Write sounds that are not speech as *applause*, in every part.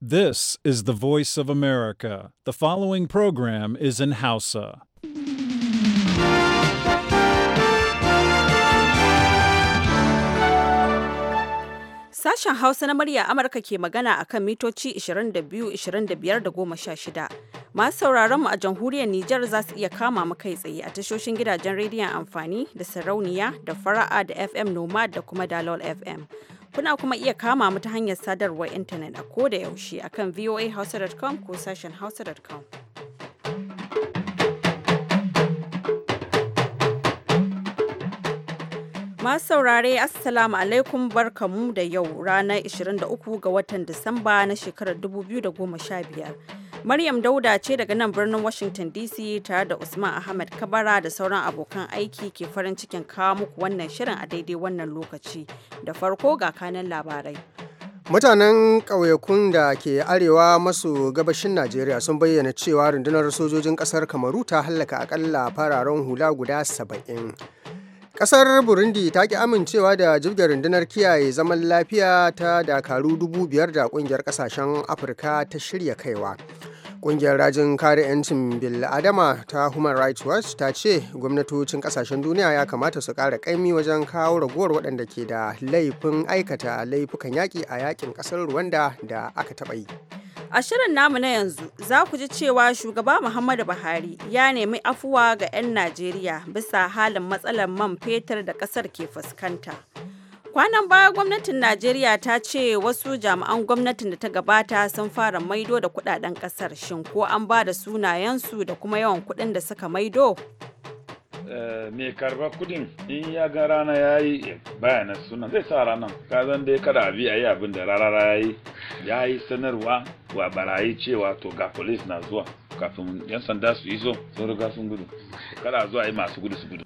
This is the voice of America. The following program is in Hausa. Sashen Hausa na murya Amurka ke magana a kan mitoci 22, 25 da 16. Masu sauraron mu a jamhuriyar Nijar za su iya kama mu kai tsaye a tashoshin gidajen rediyon amfani da sarauniya da fara'a da FM Nomad da kuma Dalol FM. Kuna kuma iya kama mu ta hanyar sadarwar intanet a ko da yaushe akan voahouse.com ko sashen hausa.com. Masu saurare Assalamu alaikum barkamu da yau ranar 23 ga watan Disamba na shekarar 2015. Maryam Dauda ce daga nan birnin Washington DC tare da Usman Ahmad Kabara da sauran abokan aiki ke farin cikin kawo muku wannan shirin a daidai wannan lokaci. Da farko ga kanan labarai. Mutanen ƙauyakun da ke arewa maso gabashin Najeriya sun bayyana cewa rundunar sojojin ƙasar Kamaru ta hallaka akalla fararen hula guda saba'in. Ƙasar Burundi ta ki amincewa da jirgin rundunar kiyaye zaman lafiya ta dakaru dubu biyar da ƙungiyar ƙasashen Afirka ta shirya kaiwa. Ƙungiyar rajin kare 'yancin bil'adama ta Human Rights Watch ta ce gwamnatocin ƙasashen duniya ya kamata su ƙara kaimi wajen kawo ragowar waɗanda ke da laifin aikata laifukan yaƙi a yaƙin ƙasar Rwanda da aka taɓa yi. A shirin namu na yanzu za ku ji cewa shugaba Muhammadu Buhari ya nemi afuwa ga 'yan Najeriya bisa halin matsalar man fetur da ƙasar ke fuskanta. Kwanan baya gwamnatin Najeriya ta ce wasu jami'an gwamnatin da ta gabata sun fara maido da kudaden kasar shin ko an ba da sunayensu da kuma yawan kudin da suka maido? Eh, mai karba kudin in ya ga rana ya yi eh, bayana sunan zai sa ranar kazan dai kada abi a yi abin da rarara ya yi ya yi sanarwa wa barayi cewa to ga polis na zuwa kafin yan sanda su iso sun riga sun gudu kada zuwa yi masu gudu su gudu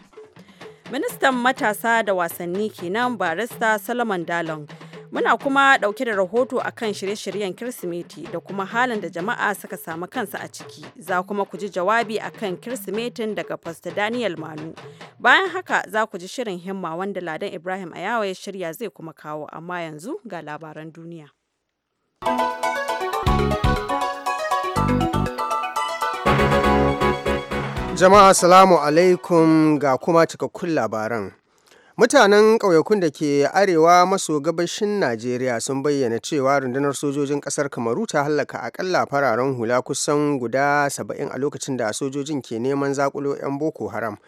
Ministan matasa da wasanni kenan barista Solomon Dalon. Muna kuma dauke da rahoto akan shirye-shiryen Kirsimeti da kuma halin da jama'a suka samu kansa a ciki. Za kuma ku ji jawabi akan kan Kirsimetin daga Pastor Daniel Manu. Bayan haka za ku ji shirin himma wanda Ladan Ibrahim Ayawa ya shirya zai kuma kawo amma yanzu ga labaran duniya. Jama'a salamu alaikum ga kuma cikakkun labaran. Mutanen ƙauyakun da ke arewa maso gabashin Najeriya sun bayyana cewa rundunar sojojin ƙasar Kamaru ta hallaka akalla fararen hula kusan guda saba'in a lokacin da sojojin ke neman zakulo 'yan Boko Haram.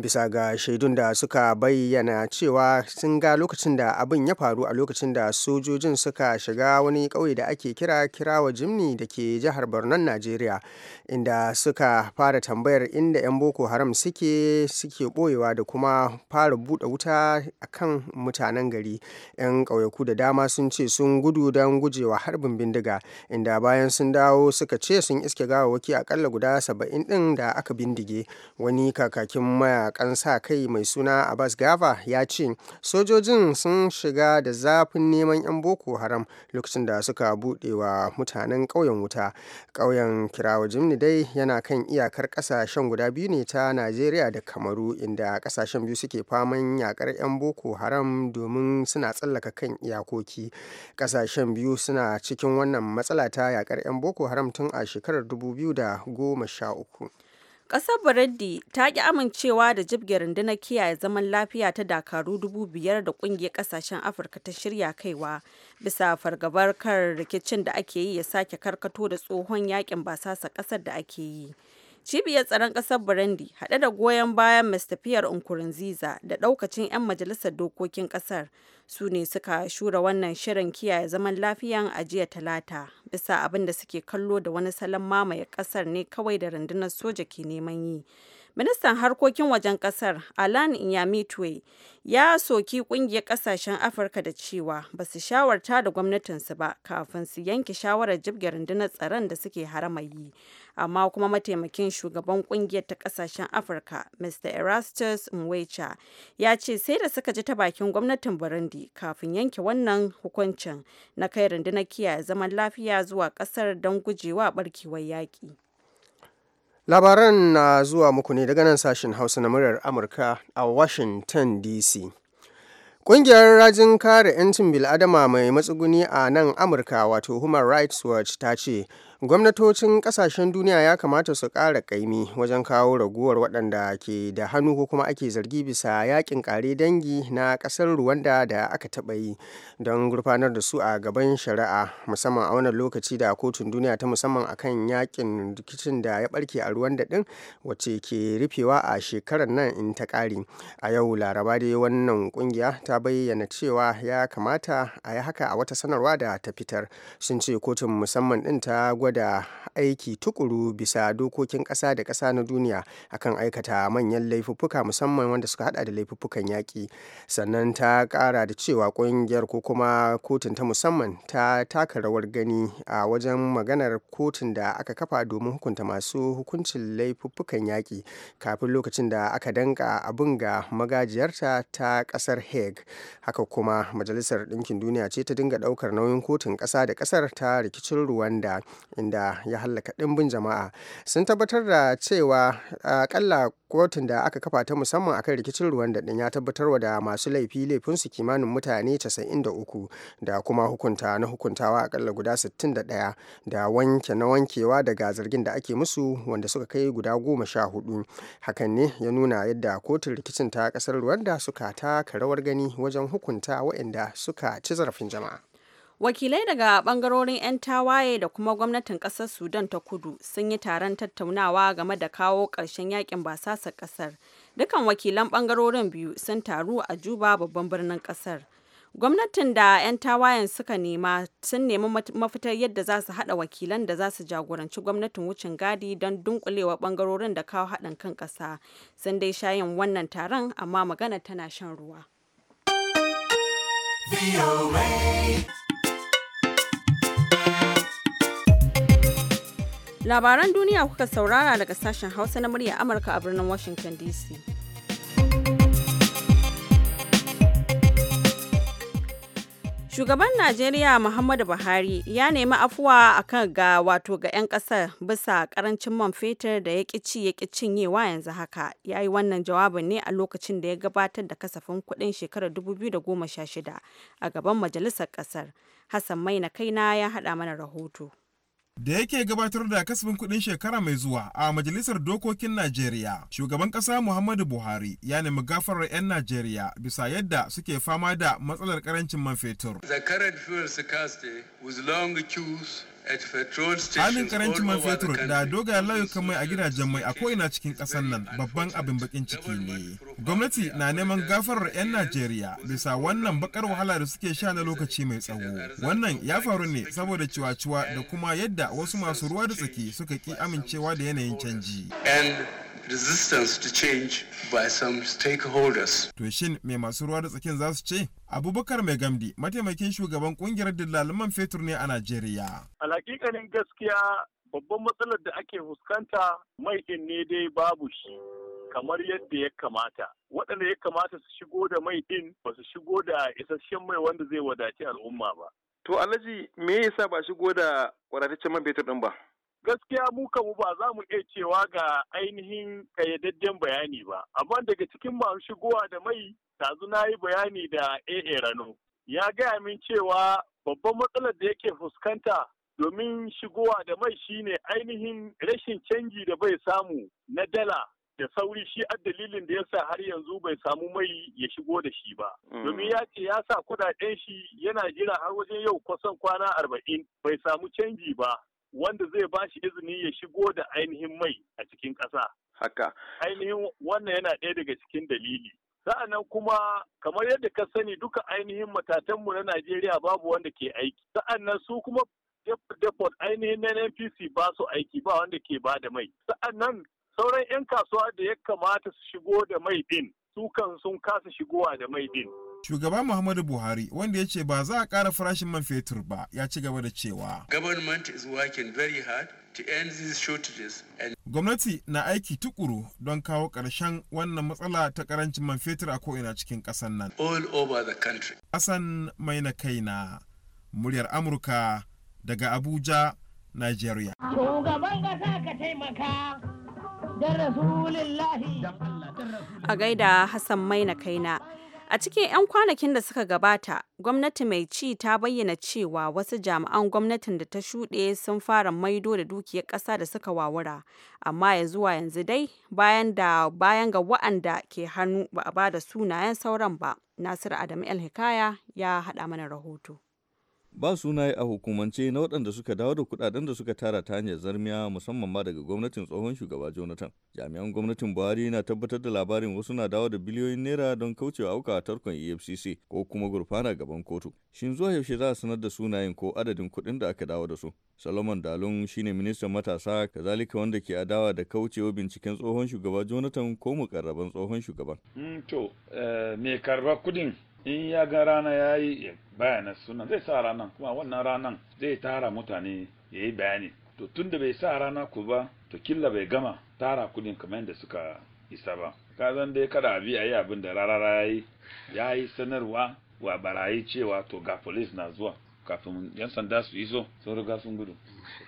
bisa ga shaidun da suka bayyana cewa sun ga lokacin da abin ya faru a lokacin da sojojin suka shiga wani ƙauye da ake kira kirawa jimni da ke jihar Barnan Najeriya inda suka fara tambayar inda 'yan Boko Haram suke suke boyewa da kuma fara buɗe wuta a kan mutanen gari 'yan ƙauyaku da dama sun ce sun gudu don gujewa harbin bindiga inda bayan sun dawo suka ce sun iske gawawwaki akalla guda saba'in ɗin da aka bindige wani kakakin maya mayakan sa kai mai suna abbas gava ya ce sojojin sun shiga da zafin neman 'yan boko haram lokacin da suka buɗe wa mutanen ƙauyen wuta ƙauyen kirawa jimni dai yana kan iyakar ƙasashen guda biyu ne ta najeriya da kamaru inda ƙasashen biyu suke faman yakar 'yan boko haram domin suna tsallaka kan iyakoki ƙasashen biyu suna cikin wannan matsala ta yakar 'yan boko haram tun a shekarar 2013 Ƙasar Burundi ta ƙi amincewa da jibge rundunar kiyaye zaman lafiya ta dakaru dubu biyar da ƙungiyar ƙasashen Afirka ta shirya kaiwa bisa fargabar kan rikicin da ake yi ya sake karkato da tsohon yakin basasa ƙasar da ake yi. Cibiyar tsaron ƙasar Burundi haɗe da goyon bayan Mr. Pierre Nkurunziza da ɗaukacin 'yan majalisar dokokin ƙasar su ne suka shura wannan shirin kiyaye zaman lafiyan a jiya talata bisa abin da suke kallo da wani salon mamaye ƙasar ne kawai da rundunar soja ke neman yi. Ministan harkokin wajen kasar Alan yamitwe ya soki kungiyar kasashen Afirka da cewa ba su shawarta da gwamnatinsu ba kafin su yanke shawarar jibge rundunar tsaron da suke haramayi. Amma kuma mataimakin shugaban kungiyar ta kasashen Afirka Mr. Erastus Mwecha ya ce sai da suka ji ta bakin gwamnatin Burundi kafin yanke wannan hukuncin na kai rundunar kiyaye zaman lafiya zuwa kasar don gujewa barkewar yaƙi. labaran na zuwa muku ne daga nan sashen hausa na muryar amurka a washington dc Ƙungiyar rajin kare 'yancin bil'adama mai matsuguni a nan Amurka wato Human Rights Watch ta ce gwamnatocin kasashen duniya ya kamata su ƙara ƙaimi wajen kawo raguwar waɗanda ke da hannu ko kuma ake zargi bisa yakin kare dangi na ƙasar ruwanda da aka taɓa yi don gurfanar da su a gaban shari'a musamman a wannan lokaci da kotun duniya ta musamman a kan yakin rikicin da ya ɓarke a ruwanda ɗin wacce ke rufewa a shekarar nan in ta ƙare a yau laraba dai wannan ƙungiya ta bayyana cewa ya kamata a yi haka a wata sanarwa da ta fitar sun ce kotun musamman din ta gwada gwada aiki tukuru bisa dokokin ƙasa da ƙasa na duniya akan aikata manyan laifuffuka musamman wanda suka hada da laifuffukan yaƙi sannan ta ƙara da cewa ƙungiyar ko kuma kotun ta musamman ta taka rawar gani a wajen maganar kotun da aka kafa domin hukunta masu hukuncin laifuffukan yaƙi kafin lokacin da aka danka abin ga magajiyarta ta ƙasar hague haka kuma majalisar ɗinkin duniya ce ta dinga ɗaukar nauyin kotun ƙasa da ƙasar ta rikicin ruwanda inda ya hallaka ɗimbin jama'a sun tabbatar da cewa akalla kotun da aka kafa ta musamman akan rikicin ruwan da ya tabbatar wa da masu laifi laifin su kimanin mutane 93 da kuma hukunta na hukuntawa akalla guda 61 da wanke na wankewa daga zargin da ake musu wanda suka kai guda goma sha hudu hakan ne ya nuna yadda kotun rikicin ta kasar da suka taka rawar gani wajen hukunta waɗanda suka ci zarafin jama'a wakilai daga bangarorin 'yan tawaye da kuma gwamnatin kasar sudan ta kudu sun yi taron tattaunawa game da kawo ƙarshen yakin basasar kasar dukan wakilan bangarorin biyu sun taru a juba babban birnin kasar gwamnatin da 'yan tawayen suka nema sun nemi mafitar yadda za su haɗa wakilan da za su jagoranci gwamnatin wucin gadi don dunkulewa bangarorin da kawo haɗin kan ƙasa sun dai shayin wannan taron amma magana tana shan ruwa. Labaran duniya kuka saurara daga sashen Hausa na murya Amurka a birnin Washington DC. Shugaban Najeriya Muhammadu Buhari ya nemi afuwa a kan ga wato ga 'yan ƙasar bisa karancin man fetur da ya ƙici ya cinyewa yanzu haka. Ya yi wannan jawabin ne a lokacin da ya gabatar da kasafin kuɗin shekarar 2016 a gaban majalisar kasar Hassan Mai na kaina ya haɗa mana rahoto. da yake gabatar da kasafin kuɗin shekara mai zuwa a majalisar dokokin najeriya shugaban ƙasa muhammadu buhari ya nemi gafarar 'yan najeriya bisa yadda suke fama da matsalar karancin man fetur the current fuel with long queues halin karancin man fetur da dogayen layukan mai a gidajen mai a ina cikin ƙasar nan babban abin bakin ciki ne gwamnati na neman gafarar 'yan najeriya bisa wannan bakar wahala da suke sha na lokaci mai tsawo wannan ya faru ne saboda ciwaciwa da kuma yadda wasu masu ruwa da tsaki suka ki amincewa da yanayin canji resistance to change by some stakeholders. To shin mai masu ruwa da tsakin za su ce? Abubakar Mai Gamdi, mataimakin shugaban kungiyar dillaluman fetur ne a Najeriya. Alhakikanin gaskiya babban matsalar da ake fuskanta mai ɗin ne dai babu shi kamar yadda ya kamata. Waɗanda ya kamata su shigo da mai ɗin ba su shigo da isasshen mai wanda zai wadaci al'umma ba. To Alhaji me yasa ba shigo da wadataccen man fetur ɗin ba? gaskiya mu kamu ba za mu iya cewa ga ainihin kayyadajjen bayani ba amma daga cikin masu shigowa da mai tazu na yi bayani da AA Rano ya gaya min cewa babban matsalar da yake fuskanta domin shigowa da mai shine ainihin rashin canji da bai samu na dala da sauri shi a dalilin da yasa har yanzu bai samu mai ya shigo da shi ba. Mm. Domin ya ce ya sa kudaden shi yana jira har wajen yau kusan kwana arba'in bai samu canji ba. wanda zai ba shi izini ya shigo da ainihin mai a cikin ƙasa. Haka. Ainihin wannan yana ɗaya daga cikin dalili. sa'annan kuma kamar yadda ka sani duka ainihin matatanmu na Najeriya babu wanda ke aiki sa'annan su kuma depot ainihin na NPC ba su aiki ba wanda ke ba da mai sa'annan sauran 'yan kasuwa da ya kamata su shigo da mai din su kan sun kasa shigowa da mai din. Shugaba Muhammadu Buhari wanda ya ce ba za a ƙara farashin man fetur ba ya ci gaba da cewa. Gwamnati na aiki tukuru don kawo ƙarshen wannan matsala ta ƙarancin man fetur a ko'ina cikin ƙasar nan. All over Hassan mai na kaina muryar Amurka daga Abuja, Nigeria. Shugaban kasa ka taimaka A gaida Hassan mai na kaina. A cikin 'yan kwanakin da suka gabata, gwamnati mai ci ta bayyana cewa wasu jami'an gwamnatin da ta shuɗe sun fara maido da dukiyar ƙasa da suka wawura, amma ya zuwa yanzu dai bayan da bayan ga wa'anda ke hannu ba a bada sunayen sauran ba. Nasiru Adamu El Hikaya ya haɗa mana rahoto. ba sunaye a hukumance na waɗanda suka dawo da kuɗaɗen da suka tara ta hanyar zarmiya musamman ma daga gwamnatin tsohon shugaba jonathan jami'an gwamnatin buhari na tabbatar da labarin wasu na dawo da biliyoyin naira don kaucewa auka tarkon efcc ko kuma gurfana gaban kotu shin zuwa yaushe za a sanar da sunayen ko adadin kuɗin da aka dawo da su solomon dalun shine ministan matasa kazalika wanda ke adawa da kaucewa binciken tsohon shugaba jonathan ko mukarraban tsohon shugaban. Mm, to eh, me karba kuɗin in ya ga rana ya yi ya sunan zai sa ranan kuma wannan ranan zai tara mutane ya yi bayani to tun da bai sa rana ku ba to killa bai gama tara kudin kamar yadda suka isa ba ka zan dai kada abi a yi abin da rarara ya yi ya yi sanarwa wa barayi cewa to ga police na zuwa kafin yan sanda su iso sun riga sun gudu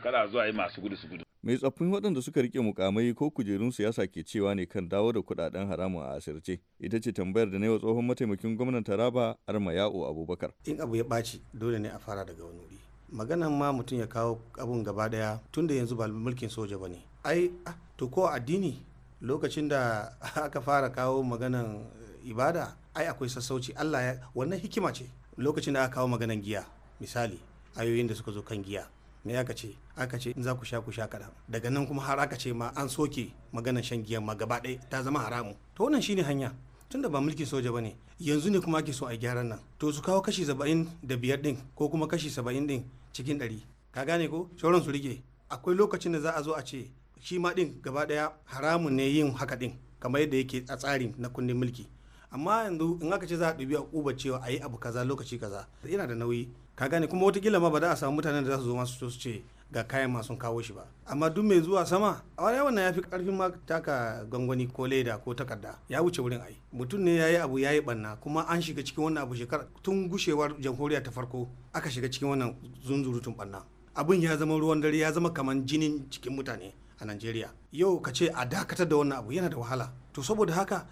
kada zuwa yi masu gudu su gudu mai tsaffin waɗanda suka rike mukamai ko kujerun siyasa ke cewa ne kan dawo da kuɗaɗen haramun a asirce ita ce tambayar da na yi wa tsohon mataimakin gwamnan taraba arma ya'o abubakar in abu ya ɓaci dole ne a fara daga wani wuri maganan ma mutum ya kawo abun gaba ɗaya tun da yanzu ba mulkin soja ba ne ai to ko addini lokacin da *laughs* aka fara kawo maganan eh, ibada ai akwai sassauci allah ya wannan hikima ce lokacin da aka kawo maganan giya misali ayoyin da suka zo kan giya me aka ce aka ce za ku sha ku sha kaɗan daga nan kuma har aka ce ma an soke maganar shan giyan ma gaba ɗaya ta zama haramu to wannan shine hanya tunda ba mulkin soja bane yanzu ne kuma ake so a gyaran nan to su kawo kashi saba'in da biyar ɗin ko kuma kashi saba'in ɗin cikin ɗari ka gane ko shauran su rike akwai lokacin da za a zo a ce shi ma ɗin gaba ɗaya Haramu ne yin haka ɗin kamar yadda yake a tsarin na kundin mulki amma yanzu in aka ce za a ɗubi a cewa a yi abu kaza lokaci kaza yana da nauyi ka gane kuma watakila ma ba za a samu mutanen da za su zo masu su ce ga kayan masu kawo shi ba amma duk mai zuwa sama a wani wannan ya fi karfin ma taka gangwani ko leda ko takarda ya wuce wurin ai mutum ne ya yi abu ya yi banna kuma an shiga cikin wannan abu shekara tun gushewar jamhuriya ta farko aka shiga cikin wannan zunzurutun banna abun ya zama ruwan dare ya zama kaman jinin cikin mutane a najeriya yau ka ce a dakatar da wannan abu yana da wahala to saboda haka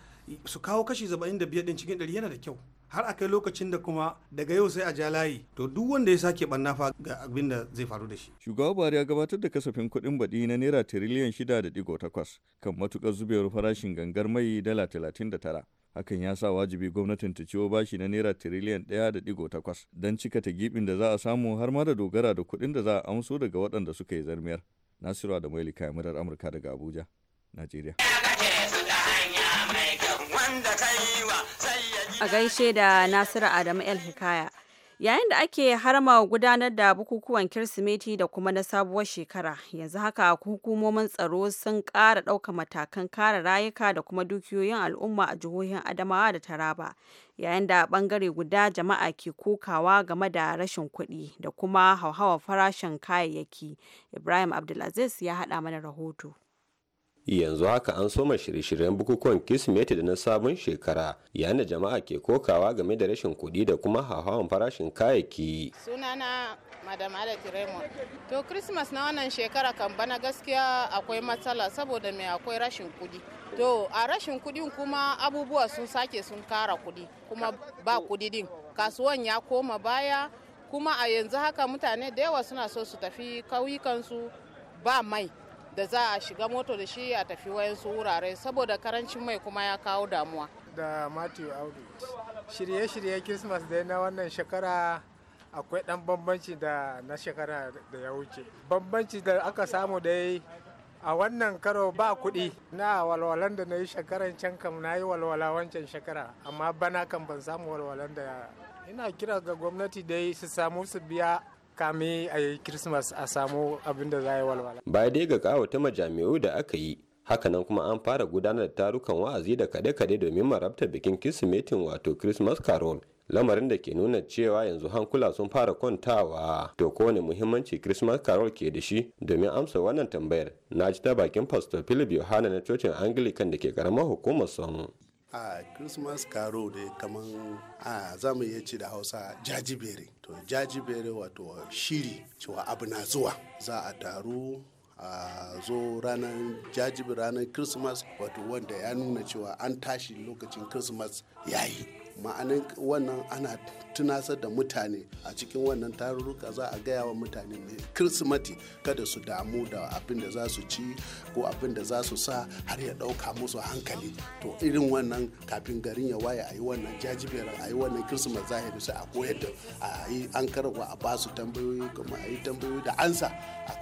su kawo kashi 75 ɗin cikin 100 yana da kyau har a kai lokacin da kuma daga yau sai a ja layi to duk wanda ya sake banna fa ga abin da zai faru da shi. Shugaba Buhari ya gabatar da kasafin kuɗin baɗi na naira tiriliyan shida da digo takwas kan matuƙar zubewar farashin gangar mai dala talatin da tara. Hakan ya sa wajibi gwamnatin ta ciwo bashi na naira tiriliyan ɗaya da digo takwas don cika ta gibin da za a samu har ma da dogara da kuɗin da za a amso daga waɗanda suka yi zarmiyar. Nasiru Adamu Elika Murar Amurka daga Abuja, Najeriya. a gaishe da Nasiru Adamu El Hikaya. Yayin da ake harma gudanar da bukukuwan Kirsimeti da kuma na sabuwar shekara, yanzu haka hukumomin tsaro sun ƙara ɗauka matakan kare rayuka da kuma dukiyoyin al'umma a jihohin Adamawa da Taraba, yayin da bangare guda jama'a ke kokawa game da rashin kuɗi da kuma hauhawar farashin kayayyaki. Ibrahim Abdulaziz ya haɗa mana rahoto. yanzu haka an soma shirye-shiryen bukukuwan kirsimeti da na sabon shekara yana da jama'a ke kokawa game da rashin kuɗi da kuma hauhawan farashin kayayyaki sunana madam alex raymond to christmas na wannan shekara kan bana gaskiya akwai matsala saboda mai akwai rashin kuɗi to a rashin kuɗin kuma abubuwa sun sake sun kara kuɗi kuma ba kuɗi din kasuwan ya koma baya kuma a yanzu haka mutane da yawa suna so su tafi kauyukansu ba mai da za a shiga moto da shi a tafi wayansu wurare saboda karancin mai kuma ya kawo damuwa da matthew audu shirye-shirye christmas da na wannan shekara akwai dan bambanci da na shekara da ya wuce bambanci da aka samu da a wannan karo ba kuɗi na walwalan da na yi shekaran can kam na yi walwala wancan shekara amma bana kan ban samu walwalan da ina kira ga gwamnati dai su samu su biya kame a yi Christmas a samu abin da za yi walwala. Baya dai ga kawo ta majami'u da aka yi, hakanan kuma an fara gudanar da tarukan wa'azi da kade-kade domin marabta bikin Kirsimetin wato Christmas Carol. lamarin da ke nuna cewa yanzu hankula sun fara kwantawa to kowane muhimmanci christmas carol ke da shi domin amsa wannan tambayar na ji ta bakin pastor philip yohana na cocin anglican da ke karamar hukumar son a christmas caro da kaman a zamu iya ci da hausa jajibere to jajibere wato shiri cewa abu na zuwa za a taru a zo ranar jajibere ranar christmas wato wanda ya nuna cewa an tashi lokacin christmas yayi ma'anin wannan ana tunasar da mutane a cikin wannan tarurruka za a gaya wa mutane mai kirsimati kada su damu da abin da za su ci ko abin da za su sa har ya ɗauka musu hankali to irin wannan kafin garin ya waye a yi wannan jajibiyar a yi wannan kirsimati zahiri sai a koyar da a yi an karwa a basu tambayoyi kuma a yi tambayoyi da ansa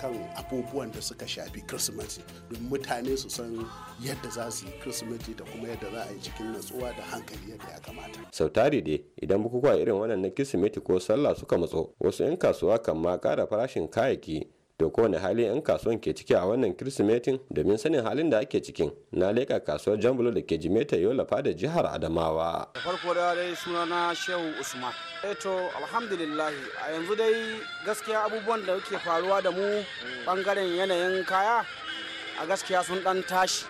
kan abubuwan da suka shafi kirsimati don mutane su san yadda za su yi kirsimati da kuma yadda za a yi cikin natsuwa da hankali yadda ya kamata sau tari dai idan bukukuwa irin wannan na kirsimeti ko sallah suka matso wasu 'yan kasuwa kan ma kara farashin kayayyaki to kowane hali 'yan kasuwan ke ciki a wannan kirsimetin domin sanin halin da ake cikin na leƙa kasuwar jambulo da ke jimeta yolafa da jihar adamawa da farko da dai suna na shehu usman eto eh alhamdulillahi a yanzu dai gaskiya abubuwan da ke faruwa da mu bangaren yanayin kaya a gaskiya sun dan tashi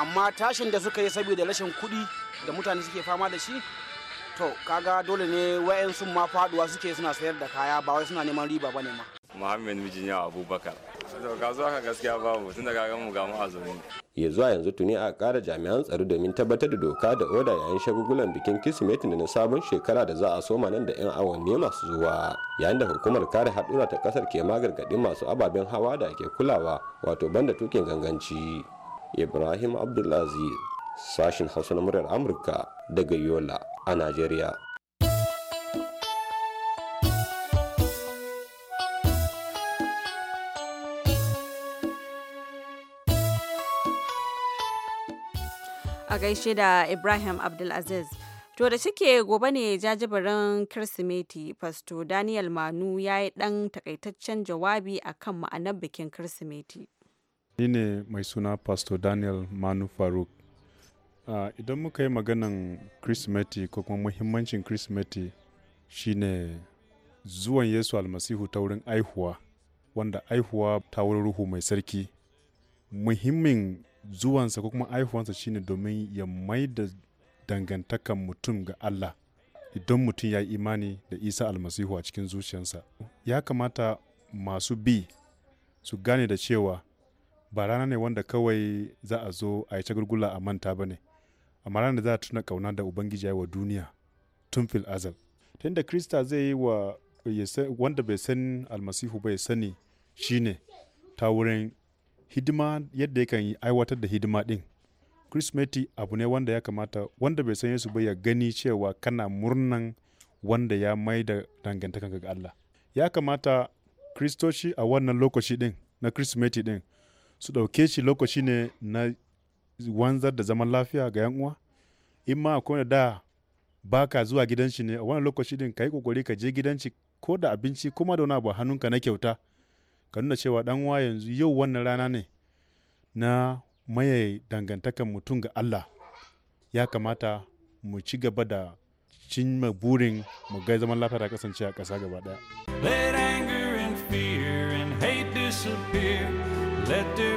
amma tashin da suka yi saboda rashin kuɗi da mutane suke fama da shi to kaga dole ne wayansu ma faduwa suke suna sayar da kaya ba wai suna neman riba bane ma Muhammad mijin yawa Abubakar to zo aka gaskiya babu tun da ga mu ga mu azumi ya zuwa yanzu tuni a kara jami'an tsaro domin tabbatar da doka da oda yayin shagugulan bikin kirsimeti da na sabon shekara da za a soma nan da 'yan awanni masu zuwa yayin da hukumar kare haɗura ta kasar ke magargaɗin masu ababen hawa da ke kulawa wato banda tukin ganganci ibrahim abdulaziz Sashen hausa na muryar amurka daga yola a najeriya a gaishe da ibrahim abdulaziz To da cike gobe ne jajibirin Kirsimeti, Fasto Daniel Manu ya yi ɗan takaitaccen jawabi akan ma'anar bikin Kirsimeti. Ni ne mai suna Fasto Daniel Manu Faruk. Ah, idan muka yi maganan Kirsimeti ko kuma muhimmancin shi shine zuwan Yesu almasihu ta wurin aihuwa, wanda aihuwa ta wurin Ruhu mai sarki. Muhimmin zuwansa ko kuma aihuwansa shine domin ya mai da dangantakan mutum ga Allah. Idan mutum ya yi imani da Isa almasihu a cikin zuciyarsa, ya kamata masu bi su gane da cewa ba rana ne wanda kawai za a zo a yi ta gurgula a manta ba ne. amma ranar da za a tuna kauna da ubangiji ya yi wa duniya tun fil azal ta inda krista zai yi wa wanda bai san almasihu bai sani shine ta wurin hidima yadda ya yi aiwatar da hidima din krismeti abu ne wanda ya kamata wanda bai san Yesu bai ya gani cewa kana murnan wanda ya mai da dangantakan ga Allah. Ya kamata Kristoci a wannan lokaci din na krismeti din su ɗauke shi lokaci ne na wanzar da zaman lafiya ga yan uwa in ma akwai da ba ka zuwa gidan shi ne a wani lokaci din ka yi kokari ka je gidan shi ko da abinci kuma da wani abu hannunka na kyauta ka nuna cewa dan uwa yanzu yau wannan rana ne na maye dangantakan mutum ga Allah ya kamata mu ci gaba da cin burin mu ga zaman lafiya da kasance a kasa gaba daya Let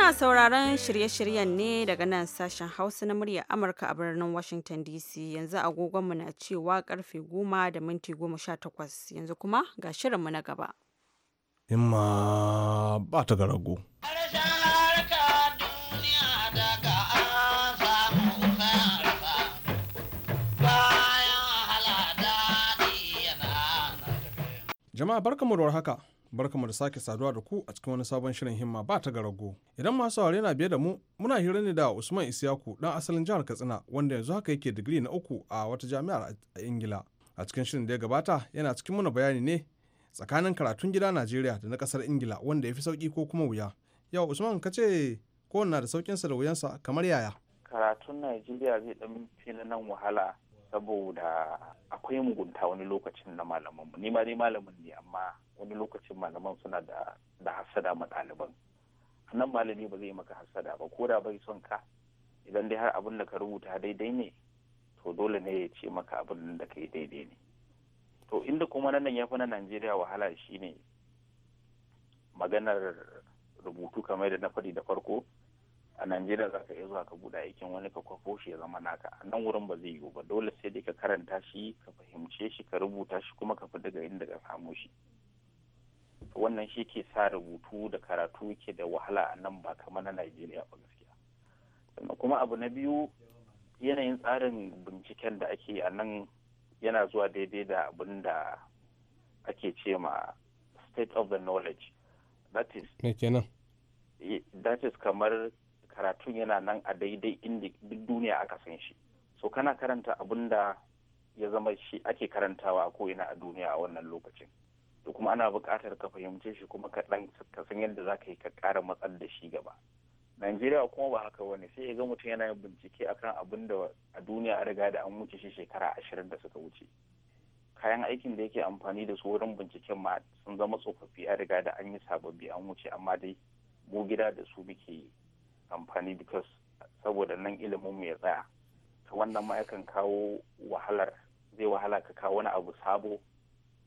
Kuna sauraron shirye-shiryen ne daga nan sashen Hausa na murya Amurka a birnin Washington DC yanzu agogonmu na cewa karfe goma da minti 18 yanzu kuma ga shirinmu na gaba. Imma ba ta garago. Jama'a barkamu da haka. barkamu da sake saduwa da ku a cikin wani sabon shirin himma ba ta garago idan masu saurare na biye da mu muna hira ne da usman isiyaku dan asalin jihar katsina wanda yanzu haka yake digiri na uku a wata jami'ar a ingila a cikin shirin da ya gabata yana cikin muna bayani ne tsakanin karatun gida najeriya da na kasar ingila wanda ya fi sauki ko kuma wuya yau usman ka ce kowanne da saukinsa da wuyansa kamar yaya karatun najeriya zai dan fi na nan wahala saboda akwai mugunta wani lokacin na malamanmu ni ma dai malamin ne amma wani lokacin malaman suna da da hasada ma ɗaliban nan malami ba zai maka hasada ba ko da bai son ka idan dai har abin da ka rubuta daidai ne to dole ne ya ce maka abin da kai daidai ne to inda kuma nan ya fi na najeriya wahala shine maganar rubutu kamar da na faɗi da farko a najeriya za ka iya zuwa ka buɗe aikin wani ka kwafo shi ya zama naka a nan wurin ba zai yiwu ba dole sai dai ka karanta shi ka fahimce shi ka rubuta shi kuma ka fi daga inda ka samu shi wannan shi ke sa rubutu da karatu ke da wahala a nan ba kamar na najeriya ba gaskiya sannan kuma abu na biyu yanayin tsarin binciken da ake a nan yana zuwa daidai da abin da ake ce ma state of the knowledge that is eh, that is kamar karatun yana nan a daidai inda duk duniya aka san shi so kana karanta abun da ya zama shi ake karantawa a ko'ina a duniya a wannan lokacin to kuma ana buƙatar ka fahimce shi kuma ka dan ka san yadda za ka yi ka ƙara matsal da shi gaba Najeriya kuma ba haka wani sai ya ga mutum yana yin bincike akan abin da a duniya a riga da an wuce shi shekara ashirin da suka wuce kayan aikin da yake amfani da su wurin binciken ma sun zama tsofaffi a riga da an yi sababbi an wuce amma dai mu gida da su muke yi amfani because saboda nan ilimin mu ya tsaya ta wannan ma yakan kawo wahalar zai wahala ka kawo wani abu sabo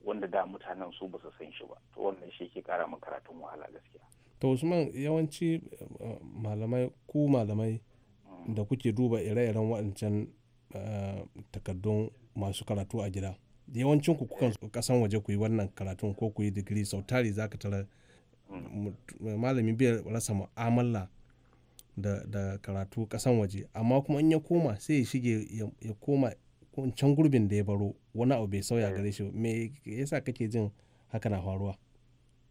wanda da mutanen su ba su san shi ba to wannan shi ke kara min karatun wahala gaskiya to usman yawanci eh, malamai ku malamai mm. da kuke duba ire-iren waɗancan eh, takardun masu karatu a gida yawancin ku kukan kasan waje ku yi wannan karatun ko ku yi digiri sau tari za ka tara mm. malami bai rasa mu'amala da, da karatu kasan waje amma kuma in ya koma sai ya shige ya koma can gurbin da ya baro wani abu bai sauya gare shi me yasa kake jin haka na faruwa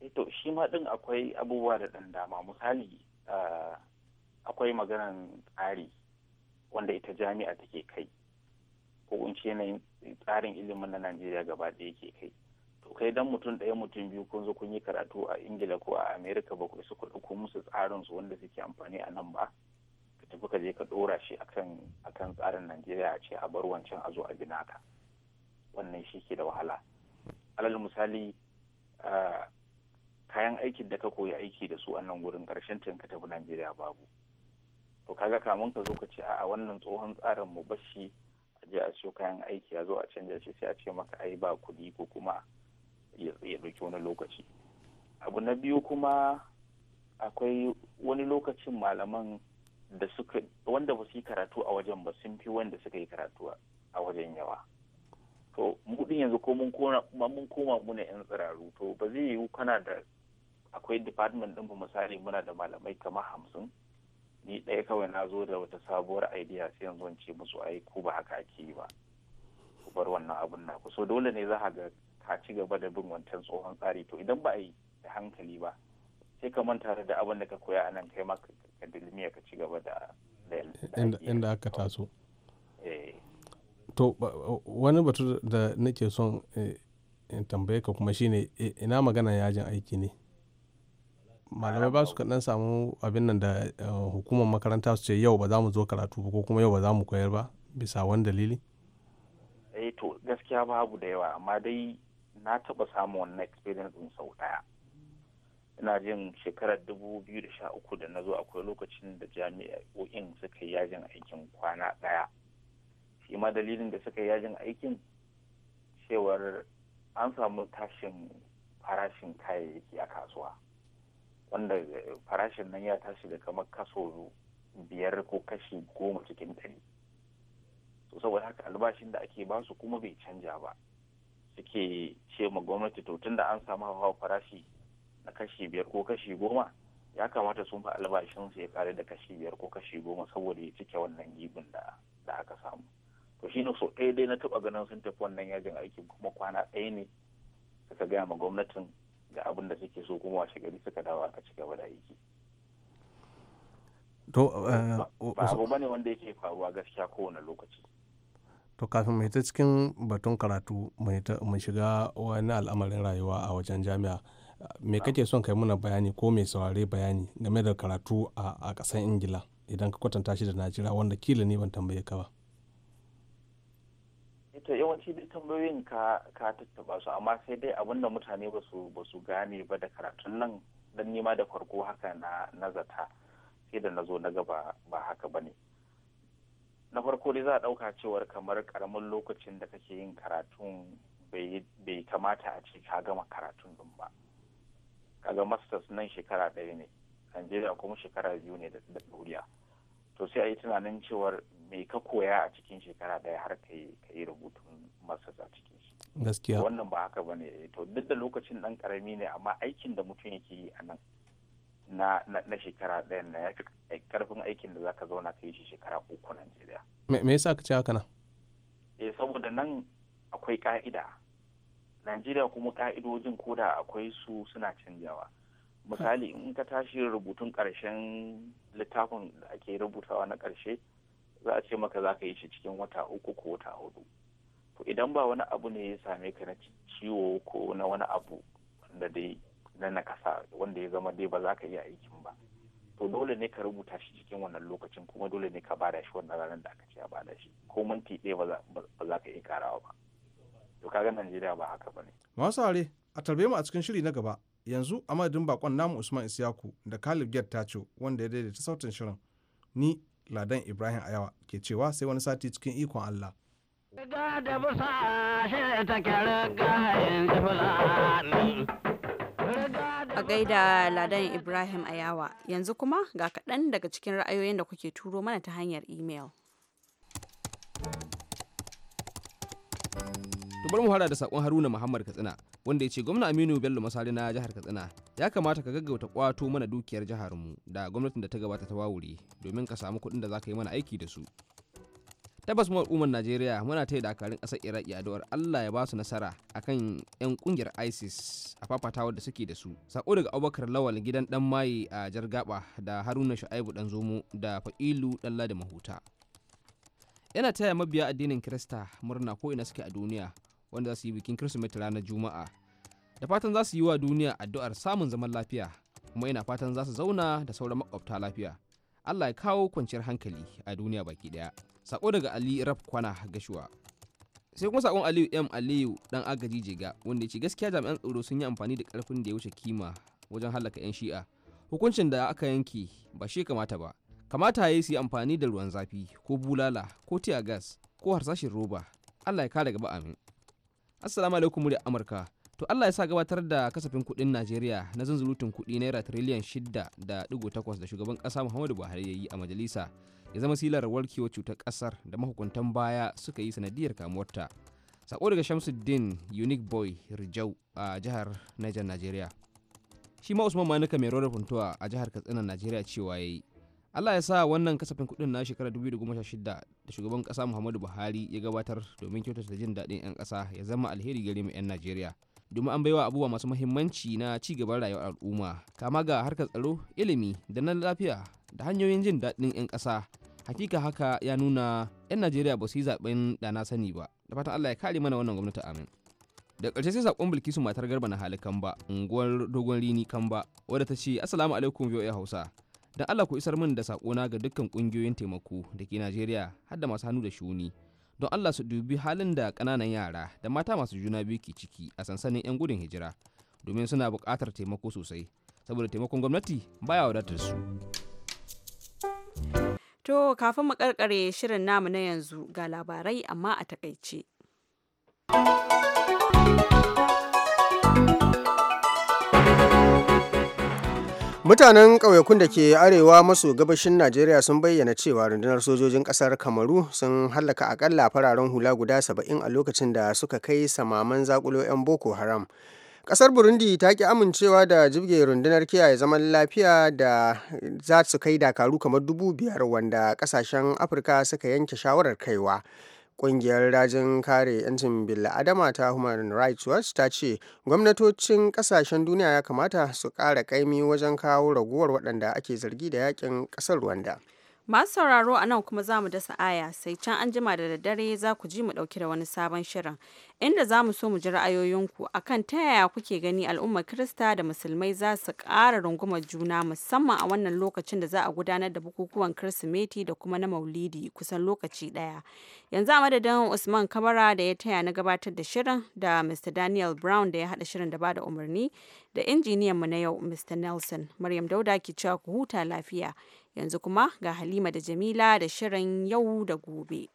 eh to shi ma din akwai abubuwa da dan dama misali ah, akwai maganan tsari wanda ita jami'a take kai ko in ce yanayin tsarin ilimin na Najeriya gaba ɗaya ke kai to kai dan mutum ɗaya mutum biyu kun zo kun yi karatu a ingila ko a amerika ba ku isa ku ɗauko musu tsarin su wanda suke amfani a nan ba ka tafi ka je ka ɗora shi akan akan tsarin najeriya a ce a bar wancan a zo a bi naka wannan shi ke da wahala alal misali kayan aikin da ka koyi aiki da su a nan gurin ƙarshen tun ka tafi najeriya babu to kaga kamun ka zo ka ce a wannan tsohon tsarin mu bashi a je a siyo kayan aiki a zo a canja shi sai a ce maka ai ba kuɗi ko kuma ya ɗauki wani lokaci abu na biyu kuma akwai wani lokacin malaman da suka wanda ba su yi karatu a wajen ba sun fi wanda suka yi karatu a wajen yawa to mu yanzu ko mun koma muna yan tsiraru to ba zai yiwu kana da akwai department ɗin misali muna da malamai kamar hamsin ni ɗaya kawai na zo da wata sabuwar idea sai yanzu ce musu ai ko ba haka ake yi ba bar wannan abun naku so dole ne za ga ka ci gaba da bin wancan tsohon tsari to idan ba a yi da hankali ba sai ka manta da abin da ka koya a nan kai ma ka dilmiya ka ci gaba da inda aka taso eh. to wani batu da nake son eh, in tambaye ka kuma shine eh, ina magana yajin aiki ne malamai ba su kaɗan samu abin nan da hukumar makaranta su ce yau ba za mu zo karatu ba ko kuma yau ba za mu koyar ba bisa wani dalili eh to gaskiya babu da yawa amma dai na taɓa samun wannan experience in sau ɗaya ina jin shekarar dubu biyu da sha uku da na zo akwai lokacin da jami'o'in suka yi yajin aikin kwana ɗaya shi ma dalilin da suka yi yajin aikin cewar an samu tashin farashin kayayyaki a kasuwa wanda eh, farashin nan ya tashi da kamar kaso biyar ko kashi goma cikin ɗari to saboda haka albashin da ake basu kuma bai canja ba suke ce ma gwamnati to tun da an samu hawa farashi na kashi biyar ko kashi goma ya kamata sun fi albashin su ya kare da kashi biyar ko kashi goma saboda ya cike wannan gibin da da aka samu to shi ne so ɗaya dai na taɓa ganin sun tafi wannan yajin aiki kuma kwana ɗaya ne suka gaya ma gwamnatin ga abin da suke so kuma washe gari suka dawo aka ci gaba da aiki to ba eh, abu bane wanda yake faruwa gaskiya kowane lokaci to kafin mu hita cikin batun karatu mu shiga wani al'amarin rayuwa a wajen jami'a me kake son kai muna bayani ko mai saurare bayani game da karatu a ƙasar ingila idan ka kwatanta shi da najeriya wanda kila ne ban tambaye ka ba eh to yawanci dai tambayoyin ka ka tattaba su amma sai dai abin da mutane ba su ba su gane ba da karatun nan dan nima da farko haka na nazata sai da na zo na gaba ba haka bane na farko dai za a ɗauka cewar kamar ƙaramin lokacin da kake yin karatun bai kamata a ce ka gama karatun din ba kaga masters nan shekara ɗaya ne najeriya kuma shekara biyu ne da duniya to sai a yi tunanin cewar me ka koya a cikin shekara ɗaya har ka yi rubutun masters a cikin shi gaskiya wannan ba haka ne to duk da lokacin ɗan ƙarami ne amma aikin da mutum yake yi a nan na na shekara ɗaya na ya karfin aikin da zaka zauna ka yi shi shekara uku Najeriya. Me yasa ka ce haka nan? Eh saboda nan akwai ka'ida. Najeriya kuma ka'idojin koda akwai su suna canjawa. Misali in ka tashi rubutun ƙarshen littafin da ake rubutawa na ƙarshe za a ce maka za ka yi shi cikin wata uku ko wata hudu. To idan ba wani abu ne ya same ka na ciwo ko na wani abu wanda dai na nakasa wanda ya zama dai ba za ka iya aikin ba to dole ne ka rubuta shi cikin wannan lokacin kuma dole ne ka bada shi wannan ranar da aka ce a bada shi ko minti ɗaya ba za ka iya karawa ba to kaga Najeriya ba haka bane masu are a tarbe mu a cikin shiri na gaba yanzu a madadin bakon namu Usman Isiyaku da Kalib ta Tacho wanda ya daidaita sautin shirin ni Ladan Ibrahim Ayawa ke cewa sai wani sati cikin ikon Allah Riga da busa shi ta kyar gaida Ladan Ibrahim Ayawa. Yanzu kuma ga kaɗan daga cikin ra'ayoyin da kuke turo mana ta hanyar imel. Tubar mu fara da sakon Haruna Muhammad Katsina wanda ya ce gwamna Aminu Bello Masari na jihar Katsina ya kamata ka gaggauta kwato mana dukiyar jihar mu da gwamnatin da ta gabata ta wawure domin ka samu kuɗin da za ka yi mana aiki da su. tabbas mu al'ummar najeriya muna ta yi dakarun ƙasar iraq yaduwar allah ya ba su nasara akan 'yan kungiyar isis a fafatawar da suke da su sako daga abubakar lawal gidan dan maye a jargaba da haruna shu'aibu dan zomo da fa'ilu dan da mahuta yana taya mabiya addinin kirista murna ko ina suke a duniya wanda za su yi bikin kirsimeti ranar juma'a da fatan za su yi wa duniya addu'ar samun zaman lafiya kuma ina fatan za su zauna da sauran makwabta lafiya allah ya kawo kwanciyar hankali a duniya baki daya sako daga ali rap kwana gashuwa sai kuma sakon aliyu m aliyu dan agaji jega wanda ya ce gaskiya jami'an tsoro sun yi amfani da karfin da ya wuce kima wajen hallaka 'yan shi'a hukuncin da aka yanke ba shi kamata ba kamata ya yi su yi amfani da ruwan zafi ko bulala ko tiya gas ko harsashin roba allah ya kare gaba amin assalamu alaikum da amurka to allah ya sa gabatar da kasafin kuɗin najeriya na zunzurutun kuɗi naira tiriliyan shida da digo takwas da shugaban ƙasa muhammadu buhari ya yi a majalisa ya zama silar warkewar cutar kasar da mahukuntan baya suka yi sanadiyar kamuwarta sako daga shamsuddin unique boy rijau a jihar niger nigeria shi ma usman manuka mai rawar funtuwa a jihar katsina nigeria cewa ya yi allah ya sa wannan kasafin kudin na shekarar 2016 da shugaban kasa muhammadu buhari ya gabatar domin kyautata jin daɗin 'yan kasa ya zama alheri gare mu 'yan najeriya domin an wa abubuwa masu mahimmanci na ci gaban rayuwar al'umma kama ga harkar tsaro ilimi da na lafiya da hanyoyin jin daɗin 'yan ƙasa hakika haka ya nuna 'yan najeriya ba su yi zaben da na sani ba da fatan allah ya kare mana wannan gwamnati amin da ƙarshe sai saƙon bilkisu matar garba na hali kamba unguwar dogon rini kamba wadda ta ce assalamu alaikum voa hausa don allah ku isar min da sakona ga dukkan ƙungiyoyin taimako da ke najeriya har da masu hannu da shuni don allah su dubi halin da ƙananan yara da mata masu juna biyu ke ciki a sansanin 'yan gudun hijira domin suna buƙatar taimako sosai saboda taimakon gwamnati baya wadatar su. To kafin mu karkare shirin namu na yanzu ga labarai amma a takaice. Mutanen ƙauyakun da ke arewa maso gabashin Najeriya sun bayyana cewa rundunar sojojin ƙasar Kamaru sun hallaka akalla fararen hula guda saba'in a lokacin da suka kai samaman zakulo 'yan Boko Haram. Kasar Burundi ta ki amincewa da jibge rundunar kiyaye zaman lafiya da za su kai dakaru kamar dubu biyar wanda kasashen Afirka suka yanke shawarar kaiwa. Ƙungiyar rajin kare 'yancin Adama ta Human Rights Watch ta ce gwamnatocin ƙasashen duniya ya kamata su kara ƙaimi wajen kawo raguwar waɗanda ake zargi da yakin ƙasar Rwanda. Masu sauraro a nan kuma za mu dasa aya sai can an jima da daddare za ku ji mu ɗauki da wani sabon shirin inda za mu so mu ji ra'ayoyinku akan ta yaya kuke gani al'ummar Kirista da Musulmai za su ƙara rungumar juna musamman a wannan lokacin da za a gudanar da bukukuwan Kirsimeti da kuma na Maulidi kusan lokaci ɗaya. Yanzu a madadin Usman Kabara da ya taya na gabatar da shirin da Mr. Daniel Brown da ya haɗa shirin da ba da umarni da injiniyan mu na yau Mr. Nelson Maryam Dauda ke cewa ku huta lafiya. Yanzu kuma ga Halima da Jamila da shirin yau da gobe.